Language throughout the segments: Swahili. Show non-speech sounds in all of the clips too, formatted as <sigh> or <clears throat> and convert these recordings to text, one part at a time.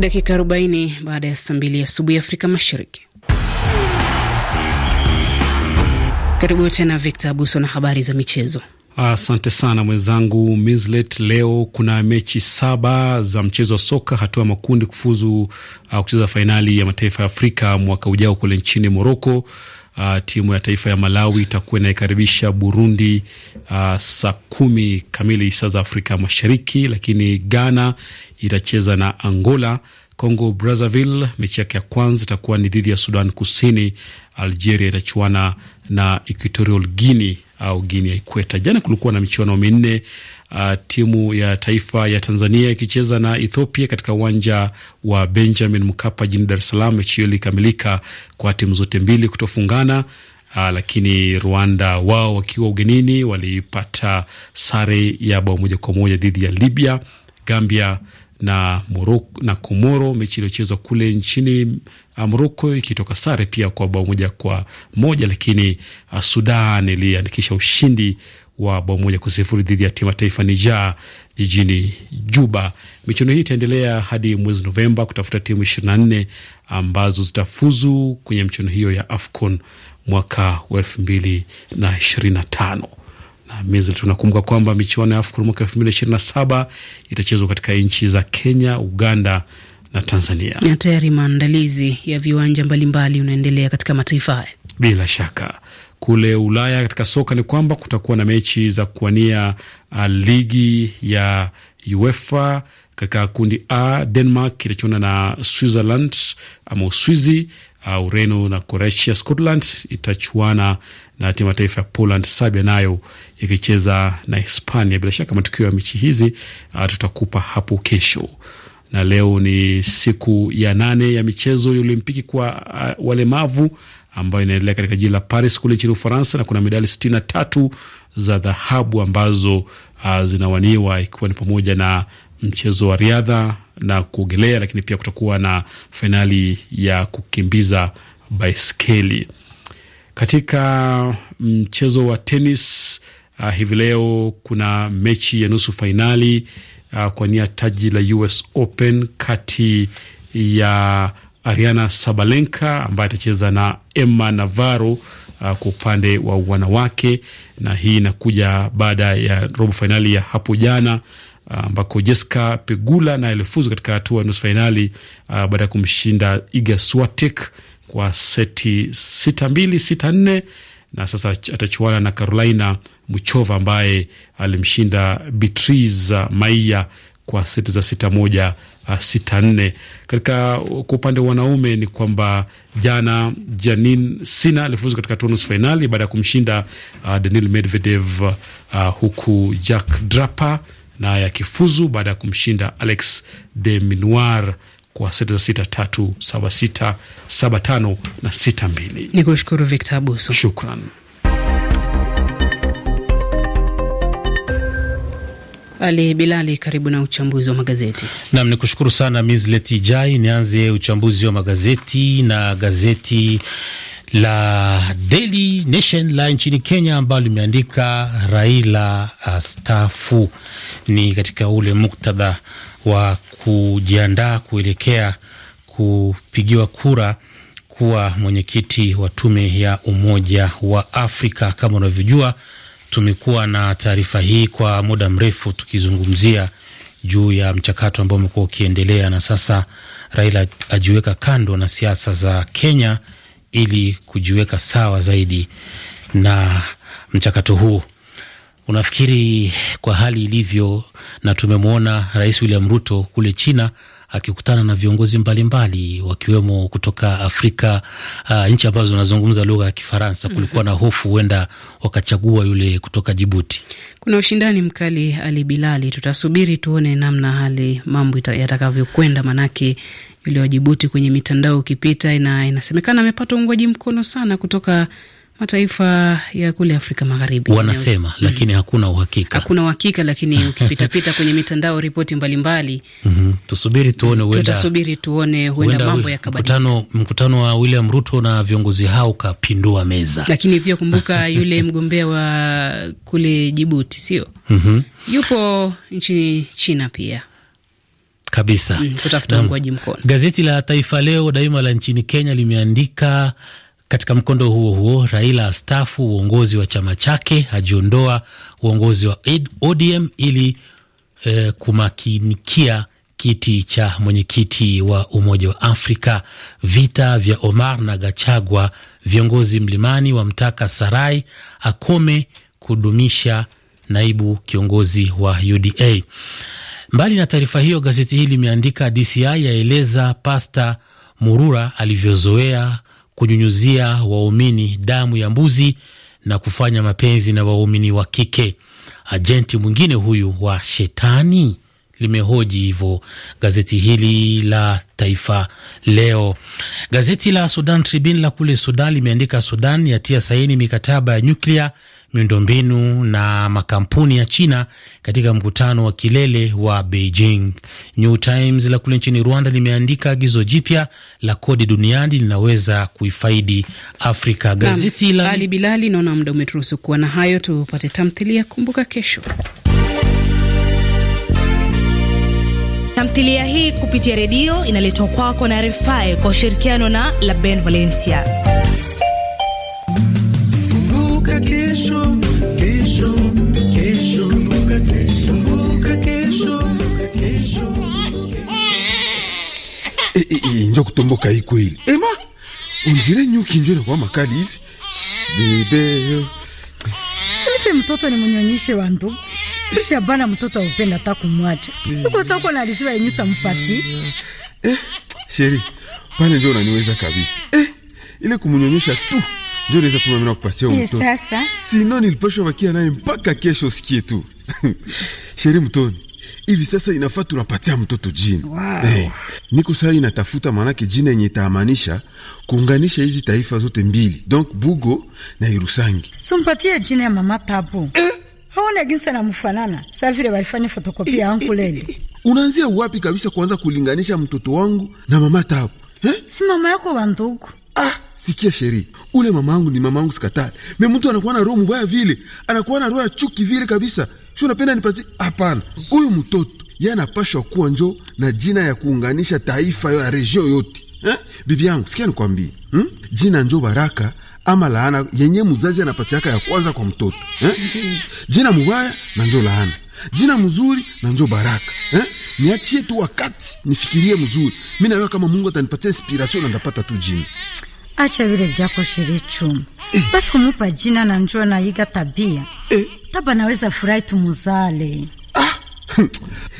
Dakika 40 baada ya saa mbili asubuhi Afrika Mashariki. Karibu tena Victor Abuso na habari za michezo. Asante sana mwenzangu Mislet. Leo kuna mechi saba za mchezo wa soka hatua makundi kufuzu uh, kucheza fainali ya mataifa ya Afrika mwaka ujao kule nchini Moroko. Uh, timu ya taifa ya Malawi itakuwa inaikaribisha Burundi uh, saa kumi kamili saa za Afrika Mashariki, lakini Ghana itacheza na Angola. Congo Brazzaville mechi yake ya kwanza itakuwa ni dhidi ya Sudan Kusini. Algeria itachuana na Equatorial Guini au Guini ya Ikweta. Jana kulikuwa na michuano minne, uh, timu ya taifa ya Tanzania ikicheza na Ethiopia katika uwanja wa Benjamin Mkapa jijini Dar es Salaam. Mechi hiyo ilikamilika kwa timu zote mbili kutofungana. Uh, lakini Rwanda wao wakiwa ugenini walipata sare ya bao moja kwa moja dhidi ya Libya. Gambia na Morocco, na Komoro, mechi iliyochezwa kule nchini uh, Moroko ikitoka sare pia kwa bao moja kwa moja, lakini uh, Sudan iliandikisha ushindi wa bao moja kwa sifuri dhidi ya timu ya taifa Niger jijini Juba. Michuano hii itaendelea hadi mwezi Novemba kutafuta timu ishirini na nne ambazo zitafuzu kwenye michuano hiyo ya AFCON mwaka wa elfu mbili na ishirini na tano. Tunakumbuka kwamba michuano ya AFCON mwaka elfu mbili ishirini na saba itachezwa katika nchi za Kenya, Uganda na Tanzania, na tayari maandalizi ya viwanja mbalimbali unaendelea katika mataifa haya. Bila shaka kule Ulaya katika soka ni kwamba kutakuwa na mechi za kuwania uh, ligi ya UEFA. Katika kundi A, Denmark itachuana na Switzerland ama Uswizi, uh, Ureno na Croatia. Scotland itachuana na timu ya taifa ya Poland, Sabia nayo ikicheza na Hispania. Bila shaka matukio ya mechi hizi uh, tutakupa hapo kesho na leo ni siku ya nane ya michezo ya Olimpiki kwa uh, walemavu ambayo inaendelea katika jiji la Paris kule nchini Ufaransa, na kuna medali sitini na tatu za dhahabu ambazo uh, zinawaniwa ikiwa ni pamoja na mchezo wa riadha na kuogelea, lakini pia kutakuwa na fainali ya kukimbiza baiskeli. Katika mchezo wa tenis uh, ah, hivi leo kuna mechi ya nusu fainali uh, kwa nia taji la US Open kati ya Ariana Sabalenka ambaye atacheza na Emma Navarro uh, kwa upande wa wanawake, na hii inakuja baada ya robo fainali ya hapo jana Ah, ambako Jessica Pegula na alifuzu katika hatua ya nusu fainali ah, baada ya kumshinda Iga Swiatek kwa seti sita mbili sita nne na sasa atachuana na Carolina Muchova ambaye alimshinda Beatriz Maia kwa seti za sita moja ah, sita nne. Katika kwa upande wa wanaume ni kwamba jana Janin Sina alifuzu katika hatua nusu fainali baada ya kumshinda uh, Daniil Medvedev uh, huku Jack Draper naye akifuzu baada ya kumshinda Alex de Minoir kwa seti za sita tatu saba sita saba tano na sita mbili. Ni kushukuru Victor Abuso, shukran. Ali Bilali, karibu na uchambuzi wa magazeti. Naam, ni kushukuru sana Mislet Jai. Nianze uchambuzi wa magazeti na gazeti la Daily Nation la nchini Kenya ambalo limeandika Raila astafu. Ni katika ule muktadha wa kujiandaa kuelekea kupigiwa kura kuwa mwenyekiti wa tume ya Umoja wa Afrika. Kama unavyojua, tumekuwa na taarifa hii kwa muda mrefu tukizungumzia juu ya mchakato ambao umekuwa ukiendelea, na sasa Raila ajiweka kando na siasa za Kenya ili kujiweka sawa zaidi na mchakato huu. Unafikiri kwa hali ilivyo, na tumemwona Rais William Ruto kule China akikutana na viongozi mbalimbali wakiwemo kutoka Afrika, uh, nchi ambazo zinazungumza lugha ya Kifaransa. Mm-hmm. Kulikuwa na hofu huenda wakachagua yule kutoka Jibuti. Kuna ushindani mkali, Ali Bilali. Tutasubiri tuone namna hali mambo yatakavyokwenda, manake yule wa Jibuti kwenye mitandao ukipita, na inasemekana amepata uungwaji mkono sana kutoka mataifa ya kule Afrika Magharibi wanasema mm, lakini hakuna uhakika, hakuna uhakika, lakini <laughs> ukipitapita kwenye mitandao ripoti mbalimbali mm -hmm. Tusubiri tuone, huenda tutasubiri tuone, huenda mambo yakabadilika. Mkutano, mkutano wa William Ruto na viongozi hao kapindua meza, lakini pia kumbuka <laughs> yule mgombea wa kule Jibuti sio mm -hmm. yupo nchini China pia kabisa mm, Gazeti la Taifa Leo Daima la nchini Kenya limeandika katika mkondo huo huo, Raila astafu uongozi wa chama chake, ajiondoa uongozi wa ODM ili eh, kumakinikia kiti cha mwenyekiti wa Umoja wa Afrika. Vita vya Omar na Gachagua, viongozi mlimani wamtaka Sarai akome kudumisha naibu kiongozi wa UDA. Mbali na taarifa hiyo, gazeti hili limeandika DCI yaeleza Pasta Murura alivyozoea kunyunyuzia waumini damu ya mbuzi na kufanya mapenzi na waumini wa kike. Ajenti mwingine huyu wa shetani, limehoji hivyo gazeti hili la Taifa Leo. Gazeti la Sudan Tribune la kule Sudan limeandika Sudan yatia saini mikataba ya nyuklia miundombinu na makampuni ya China katika mkutano wa kilele wa Beijing. New Times la kule nchini Rwanda limeandika agizo jipya la kodi duniani linaweza kuifaidi Afrika. Gazeti la Ali Bilali. Naona muda umeturuhusu kuwa na hayo, tupate tamthilia. Kumbuka kesho Tamthilia hii kupitia redio inaletwa kwako na RFI kwa ushirikiano na La Ben Valencia. inja kutomboka hii kweli. Ema, unzire nyuki njo inakuwa makali hivi bebe. Sipe mtoto ni mnyonyeshe wa ndugu kisha bana, mtoto aupenda hata kumwacha Uko soko na alisiwa yenyu tampati. Eh, sheri pale ndio unaniweza kabisa eh, ile kumnyonyesha tu ndio unaweza tuma mimi nakupatia eh, mtoto sasa, sino nilipashwa bakia naye mpaka kesho usikie tu <laughs> sheri mtoni hivi sasa inafaa tunapatia mtoto jina wow. Hey, eh, niko sasa inatafuta maanake jina yenye itaamanisha kuunganisha hizi taifa zote mbili, donc Bugo na Irusangi. Sumpatie jina ya mama Tabo eh? haona ginsa na mfanana sa vile walifanya fotokopia eh, yangu lele eh, eh, eh. Unaanzia wapi kabisa kuanza kulinganisha mtoto wangu na mama Tabo eh? si mama yako wa ndugu ah. Sikia sheri, ule mama angu ni mama angu, sikatali me mtu anakuwa na roho mbaya vile, anakuwa na roho ya chuki vile kabisa si unapenda nipatie. Hapana, huyu mtoto yeye anapashwa kuwa njo na jina ya kuunganisha taifa yo ya region yote eh? Bibi yangu sikia nikwambie, hmm? jina njo baraka ama laana yenye mzazi anapatiaka ya kwanza kwa mtoto eh? Jina mubaya na njo laana, jina mzuri na njo baraka eh? Niachie tu wakati nifikirie mzuri, mi nawewa kama Mungu atanipatia inspiration na ndapata tu jina acha vile vyako shirichu eh. Basi kumupa jina na njua na iga tabia eh. Taba naweza furahi tumuzale ah. Hmm.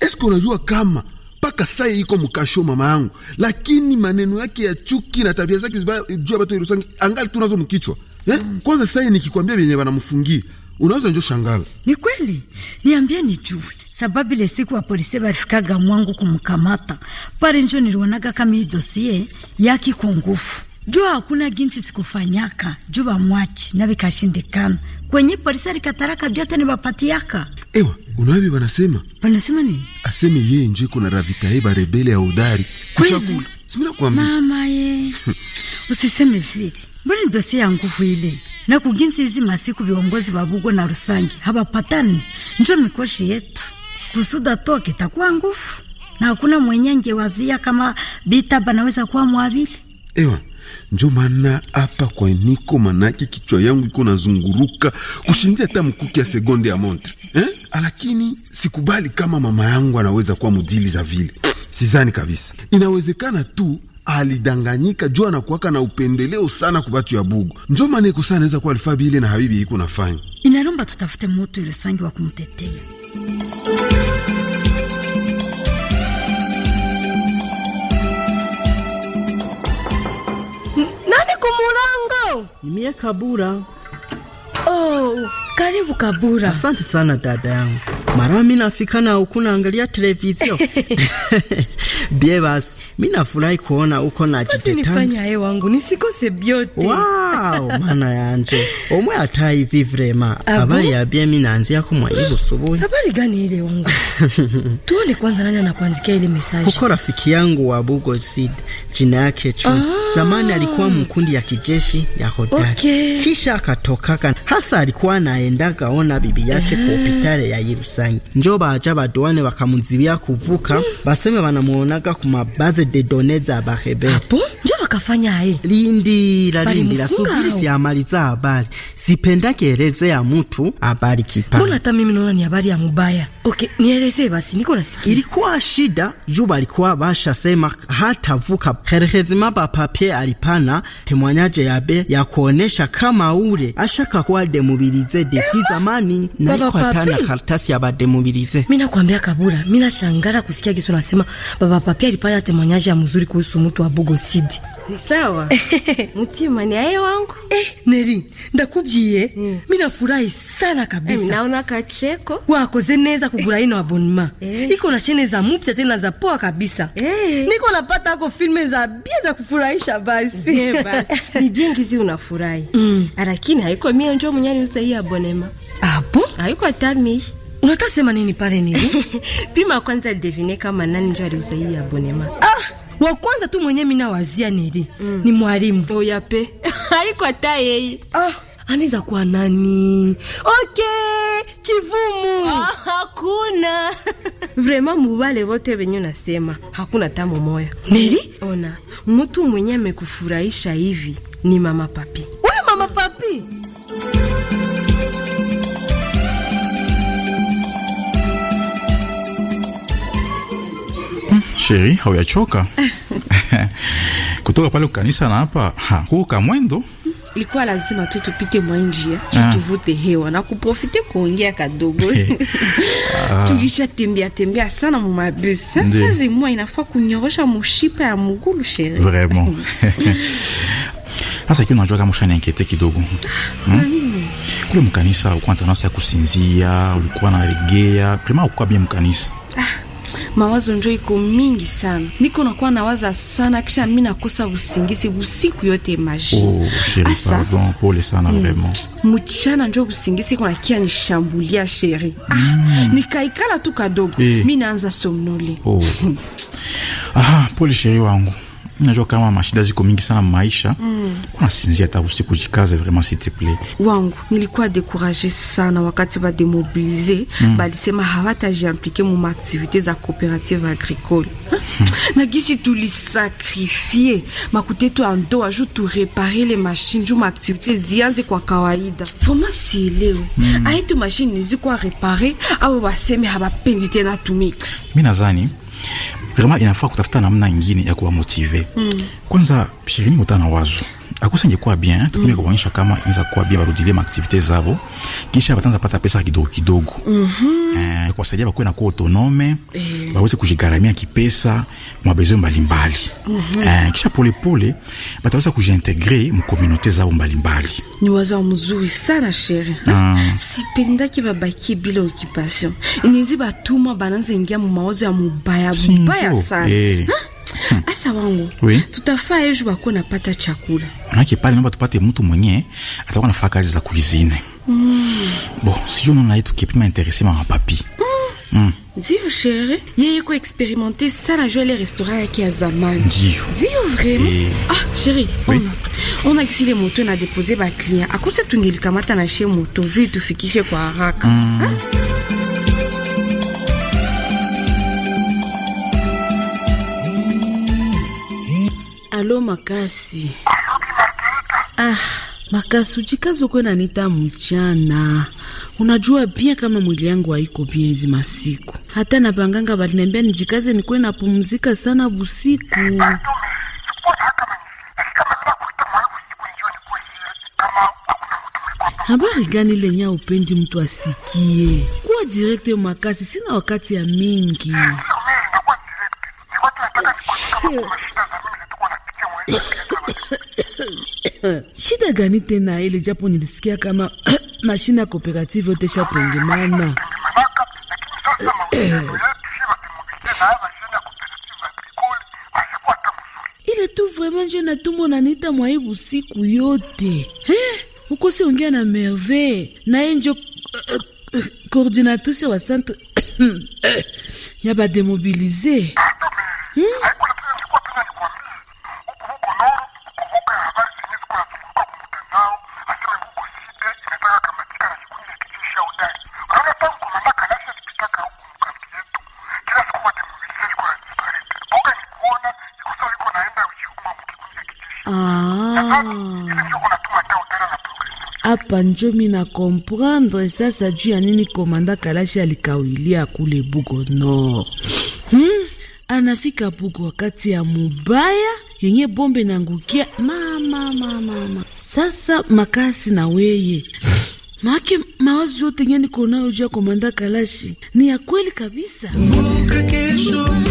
Eske unajua kama mpaka sai iko mkasho mama yangu, lakini maneno yake ya chuki na tabia zake zibaya juu bato irusangi angali tunazo mkichwa eh? Mm. Kwanza sai nikikwambia venye wanamfungia unaweza njo shangala. Ni kweli, niambie nijue sababu ile siku wa polisi barifikaga mwangu kumkamata pale njo nilionaga kama hii dosie yaki kungufu jua hakuna ginsi sikufanyaka juu bamwachi nabikashindikana kwenye polisi alikataraka byote nibapatiaka. Ewa unawebi banasema banasema nini? Aseme yeye nje na ravita hii barebele ya udari kuchakula simina kwambia mama ye <laughs> usiseme vile, mbona dosi ya nguvu ile na kuginsi hizi masiku viongozi babugo na rusangi habapatani njo mikoshi yetu kusuda toke takuwa nguvu na hakuna mwenye nje wazia kama bitaba naweza kuwa mwabili ewa Njo maana hapa kwa niko manake kichwa yangu iko nazunguruka kushindia hata mkuki ya segonde ya montre eh? Lakini sikubali kama mama yangu anaweza kuwa mudili za vile, sizani kabisa. Inawezekana tu alidanganyika juu anakuwaka na upendeleo sana kubatu ya bugu, njo maana iko sana naweza kuwa alifaa bile na habibi iko nafanya inalomba tutafute moto ilosangi wa kumtetea Ni Kabura. Oh, karibu Kabura. Asante sana dada yangu. Mara mimi nafika na ukuna naangalia televizio. <laughs> Bie basi, mimi nafurahi kuona uko na jitetangu. Basi nifanya wangu nisikose byote. Wow mana yanje omwe ataye ivi vrema habari ya biemi naanziako mwaibu subuhi. Habari gani ile wangu? <laughs> Tuone kwanza nani anakuandikia ile message. Huko rafiki yangu wa Bugo Sid, jina yake Chu. Ah. Zamani alikuwa mkundi ya kijeshi ya hodari. Okay. Kisha akatokaka. Hasa alikuwa anaendaga ona bibi yake kwa ah. hospitali ya Yerusalemu. Njo baja baduane bakamuziwia kuvuka, hmm. baseme banamuonaga kumabaze mabaze de donne za bahebe. Hapo? akafanya haye? Lindira, lindira, subiri, siamaliza habari. Sipendake ya mutu habari kipa. Mbona hata mimi naona ni habari ya mubaya Okay, nieleze basi niko Nicholas. Ilikuwa shida juba alikuwa basha sema hata vuka hatavuka herekezi papie alipana temwanyaje yabe ya kuonesha kama ule ashaka kuwa demobilize depuis zamani na ikatana kartasi ya ba demobilize. Mina kuambia kabura, mina shangara kusikia kisu nasema baba papie alipana temwanyaje ya mzuri kuhusu mtu wa Bugo Sidi. Ni sawa. <laughs> Mtima ni aye wangu. Eh, Neri, ndakubwiye. Mm. mina furai sana kabisa. Eh, naona kacheko. Wako zeneza kuguraino abonema eh. Iko na shene za mupya tena za poa kabisa eh. Niko napata ako filme za bia za kufurahisha basi <laughs> ni bingizi unafurahi mm. Ah, lakini haiko mia njo mnyani usahii abonema apo ah, haiko atami unatasema nini pale nini <laughs> pima kwanza devine kama nani njo aliusahii abonema ah wa kwanza tu mwenye mina wazia nili mm. ni mwalimu oyape <laughs> haiko hata yeye oh anaweza kuwa nani? Okay, kivumu oh, hakuna <laughs> vrema mubale wote venye unasema hakuna tamu moya neli. Ona mutu mwenye amekufurahisha hivi ni mama papi, we mama papi hmm, Sheri, hauyachoka <laughs> <laughs> kutoka pale kukanisa na hapa kuuka kamwendo ilikuwa lazima tu tupite mwa njia eh. ah. tuvute hewa na kuprofite kuongea kadogo <laughs> ah. Tulisha tembea tembea sana mu mabisi sasa, zimwa inafaa kunyorosha mushipa ya mugulu shere vraiment <laughs> Sasa ikiwa unajua kama ushaniankete kidogo ah, hmm? Kule mkanisa ulikuwa na tendansi ya kusinzia, ulikuwa na regea, prima ulikuwa bien mkanisa mawazo njo iko mingi sana, niko nakuwa nawaza sana, kisha mi nakosa usingizi usiku yote. Imagine oh, asa mm. mchana njo usingizi iko nakia nishambulia sheri. Ah, mm. nikaikala tu kadogo eh, mi naanza somnole. Oh. <laughs> Aha, pole sheri wangu Najua kama mashida ziko mingi sana maisha mm. Kuna hata usiku, jikaze vraiment s'il te plaît. Wangu nilikuwa decourage sana wakati ba demobilize mm. Balisema hawatajiamplike mu activité za coopérative agricole hmm. <laughs> na gisi tulisakrifie makute tu andoa ju tu le machine ju ma zianze kwa kawaida, vraiment sielewi mm. aitu mashine zikuwa repare au waseme hawapendi tena tumika. Mimi nadhani vraiment inafaa kutafuta namna ingine ya kuwamotive motive. Mm. Kwanza shirini mutana wazo akusa kuwa bien tukume kuonyesha kama inaweza kuwa bien, barudilie maaktivite zabo, kisha batanza pata pesa kidogo kidogo, mm -hmm. eh, kuwasaidia bakuwe na kuwa autonome, eh. baweze kujigaramia kipesa mwabezo mbalimbali, mm -hmm. eh, kisha polepole bataweza kujiintegre mkomunote zabo mbalimbali. Ni wazo mzuri sana sheri, sipendaki babaki bila occupation, inaweza batuma bananza ingia mu mawazo ya mubaya mubaya sana. eh. Asa ah, wangu oui. tutafaa ejo bako napata chakula Manake pale naomba tupate mtu mwenye atakuwa anafanya kazi za kuizine. Mm. Bo, sijui unaona hii tukipima interesi mama papi. Mm. Mm. Ndio shere, yeye ko experimente sana jua le restaurant yake ya zamani. Ndio. Ndio vraiment. Eh. Ah, shere, oui. Ona. Ona kisi le moto na déposer ba client. Akose tungelikamata na she moto, juu itufikishe kwa haraka. Mm. Ha? Hein? Alo Makasi. Ah, makasujikazo kwena nita mchana. Unajua bia kama mwili yangu haiko bia hizi masiku. Hata na banganga baliniambia nijikaze nikuwe napumzika sana busiku. Habari gani lenya upendi mtu asikie? Kuwa direkte makasi, sina wakati ya mingi. <laughs> <laughs> shida gani tena ile, japo nilisikia kama <clears throat> mashine ya kooperative yote shatengemana <clears throat> ile tu vraiment njo natumona nita mwaibu siku yote eh? ukosi ongea na Merve naye njo eh, eh, coordinatrice wa centre <clears throat> ya bademobilize hmm? Hapa njo mina comprendre sasa juu ya nini komanda Kalashi alikawilia kule Bugo Nord. Hmm? Anafika Bugo wakati ya mubaya yenye bombe nangukia mama mama mama. Sasa makasi na weye make mawazo yote yenye niko nayo komanda Kalashi ni ya kweli kabisa. Mbuka kesho.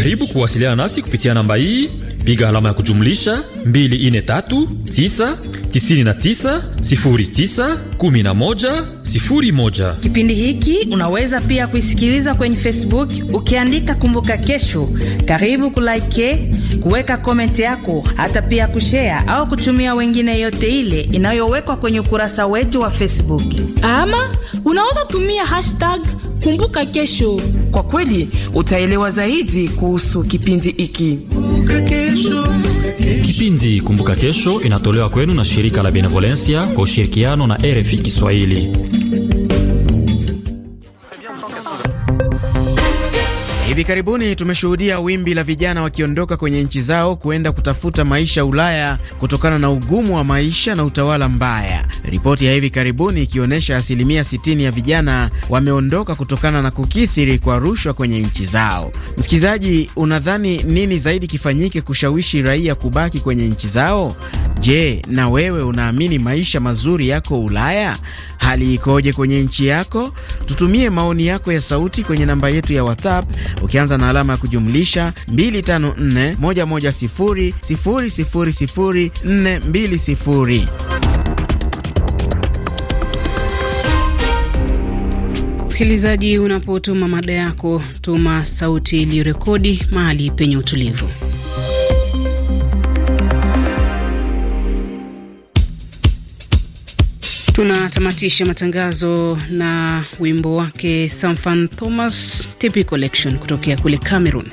Karibu kuwasiliana nasi kupitia namba hii, piga alama ya kujumlisha 24399091101. Kipindi hiki unaweza pia kuisikiliza kwenye Facebook ukiandika Kumbuka Kesho. Karibu kulike, kuweka komenti yako, hata pia kushea au kutumia wengine, yote ile inayowekwa kwenye ukurasa wetu wa Facebook, ama unaweza tumia hashtag Kumbuka Kesho. Kwa kweli utaelewa zaidi kuhusu kipindi hiki. Kipindi Kumbuka Kesho inatolewa kwenu na shirika la Benevolencia kwa ushirikiano na RFI Kiswahili. Hivi karibuni tumeshuhudia wimbi la vijana wakiondoka kwenye nchi zao kuenda kutafuta maisha Ulaya kutokana na ugumu wa maisha na utawala mbaya, ripoti ya hivi karibuni ikionyesha asilimia 60 ya vijana wameondoka kutokana na kukithiri kwa rushwa kwenye nchi zao. Msikilizaji, unadhani nini zaidi kifanyike kushawishi raia kubaki kwenye nchi zao? Je, na wewe unaamini maisha mazuri yako Ulaya? Hali ikoje kwenye nchi yako? Tutumie maoni yako ya sauti kwenye namba yetu ya WhatsApp ukianza na alama ya kujumlisha 254 110 000 420. Msikilizaji, unapotuma mada yako, tuma sauti iliyorekodi mahali penye utulivu. Tunatamatisha matangazo na wimbo wake Samfan Thomas Tipi Collection kutokea kule Cameroon.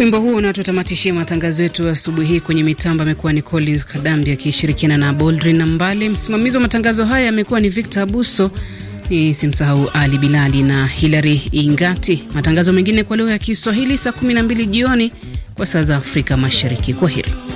Wimbo huo unatutamatishia matangazo yetu asubuhi hii. Kwenye mitambo amekuwa ni Collins Kadambi akishirikiana na Boldrin na Mbale. Msimamizi wa matangazo haya amekuwa ni Victor Abuso, ni simsahau Ali Bilali na Hilary Ingati. Matangazo mengine kwa leo ya Kiswahili saa 12 jioni kwa saa za Afrika Mashariki. Kwa heri.